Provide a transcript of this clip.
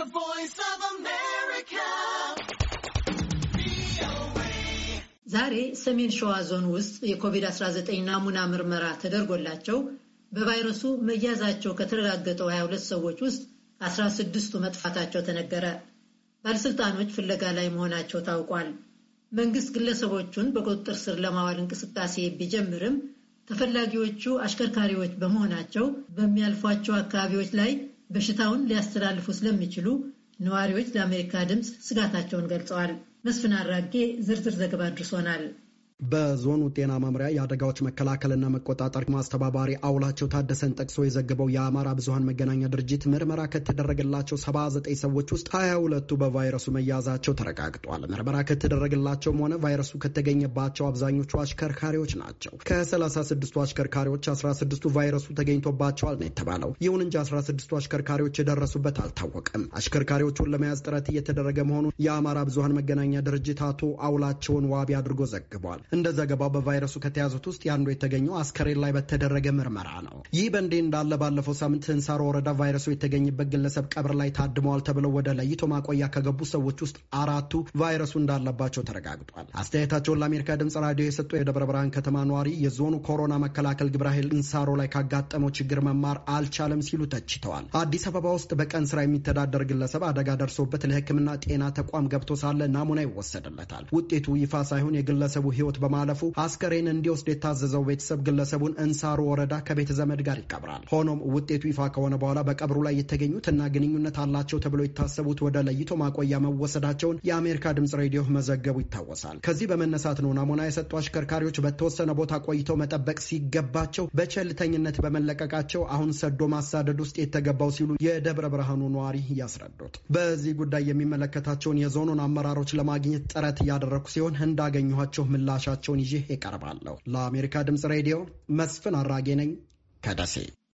The Voice of America. ዛሬ ሰሜን ሸዋ ዞን ውስጥ የኮቪድ-19 ናሙና ምርመራ ተደርጎላቸው በቫይረሱ መያዛቸው ከተረጋገጠው 22 ሰዎች ውስጥ 16ቱ መጥፋታቸው ተነገረ። ባለሥልጣኖች ፍለጋ ላይ መሆናቸው ታውቋል። መንግሥት ግለሰቦቹን በቁጥጥር ስር ለማዋል እንቅስቃሴ ቢጀምርም ተፈላጊዎቹ አሽከርካሪዎች በመሆናቸው በሚያልፏቸው አካባቢዎች ላይ በሽታውን ሊያስተላልፉ ስለሚችሉ ነዋሪዎች ለአሜሪካ ድምፅ ስጋታቸውን ገልጸዋል። መስፍን አራጌ ዝርዝር ዘገባ አድርሶናል። በዞኑ ጤና መምሪያ የአደጋዎች መከላከልና መቆጣጠር ማስተባባሪ አውላቸው ታደሰን ጠቅሶ የዘገበው የአማራ ብዙሀን መገናኛ ድርጅት ምርመራ ከተደረገላቸው 79 ሰዎች ውስጥ 22 ሁለቱ በቫይረሱ መያዛቸው ተረጋግጧል። ምርመራ ከተደረገላቸውም ሆነ ቫይረሱ ከተገኘባቸው አብዛኞቹ አሽከርካሪዎች ናቸው። ከ36ቱ አሽከርካሪዎች 16ቱ ቫይረሱ ተገኝቶባቸዋል ነው የተባለው። ይሁን እንጂ 16ቱ አሽከርካሪዎች የደረሱበት አልታወቀም። አሽከርካሪዎቹን ለመያዝ ጥረት እየተደረገ መሆኑን የአማራ ብዙሀን መገናኛ ድርጅት አቶ አውላቸውን ዋቢ አድርጎ ዘግቧል። እንደ ዘገባው በቫይረሱ ከተያዙት ውስጥ የአንዱ የተገኘው አስከሬን ላይ በተደረገ ምርመራ ነው። ይህ በእንዲህ እንዳለ ባለፈው ሳምንት እንሳሮ ወረዳ ቫይረሱ የተገኘበት ግለሰብ ቀብር ላይ ታድመዋል ተብለው ወደ ለይቶ ማቆያ ከገቡ ሰዎች ውስጥ አራቱ ቫይረሱ እንዳለባቸው ተረጋግጧል። አስተያየታቸውን ለአሜሪካ ድምጽ ራዲዮ የሰጠው የደብረ ብርሃን ከተማ ነዋሪ የዞኑ ኮሮና መከላከል ግብረ ኃይል እንሳሮ ላይ ካጋጠመው ችግር መማር አልቻለም ሲሉ ተችተዋል። አዲስ አበባ ውስጥ በቀን ስራ የሚተዳደር ግለሰብ አደጋ ደርሶበት ለሕክምና ጤና ተቋም ገብቶ ሳለ ናሙና ይወሰድለታል። ውጤቱ ይፋ ሳይሆን የግለሰቡ ሕይወት በማለፉ አስከሬን እንዲወስድ የታዘዘው ቤተሰብ ግለሰቡን እንሳሩ ወረዳ ከቤተ ዘመድ ጋር ይቀብራል። ሆኖም ውጤቱ ይፋ ከሆነ በኋላ በቀብሩ ላይ የተገኙትና ግንኙነት አላቸው ተብሎ የታሰቡት ወደ ለይቶ ማቆያ መወሰዳቸውን የአሜሪካ ድምጽ ሬዲዮ መዘገቡ ይታወሳል። ከዚህ በመነሳት ነው ናሙና የሰጡ አሽከርካሪዎች በተወሰነ ቦታ ቆይተው መጠበቅ ሲገባቸው በቸልተኝነት በመለቀቃቸው አሁን ሰዶ ማሳደድ ውስጥ የተገባው ሲሉ የደብረ ብርሃኑ ነዋሪ ያስረዱት። በዚህ ጉዳይ የሚመለከታቸውን የዞኑን አመራሮች ለማግኘት ጥረት እያደረኩ ሲሆን እንዳገኘኋቸው ምላሽ ዘገባዎቻቸውን ይዤ እቀርባለሁ። ለአሜሪካ ድምፅ ሬዲዮ መስፍን አራጌ ነኝ ከደሴ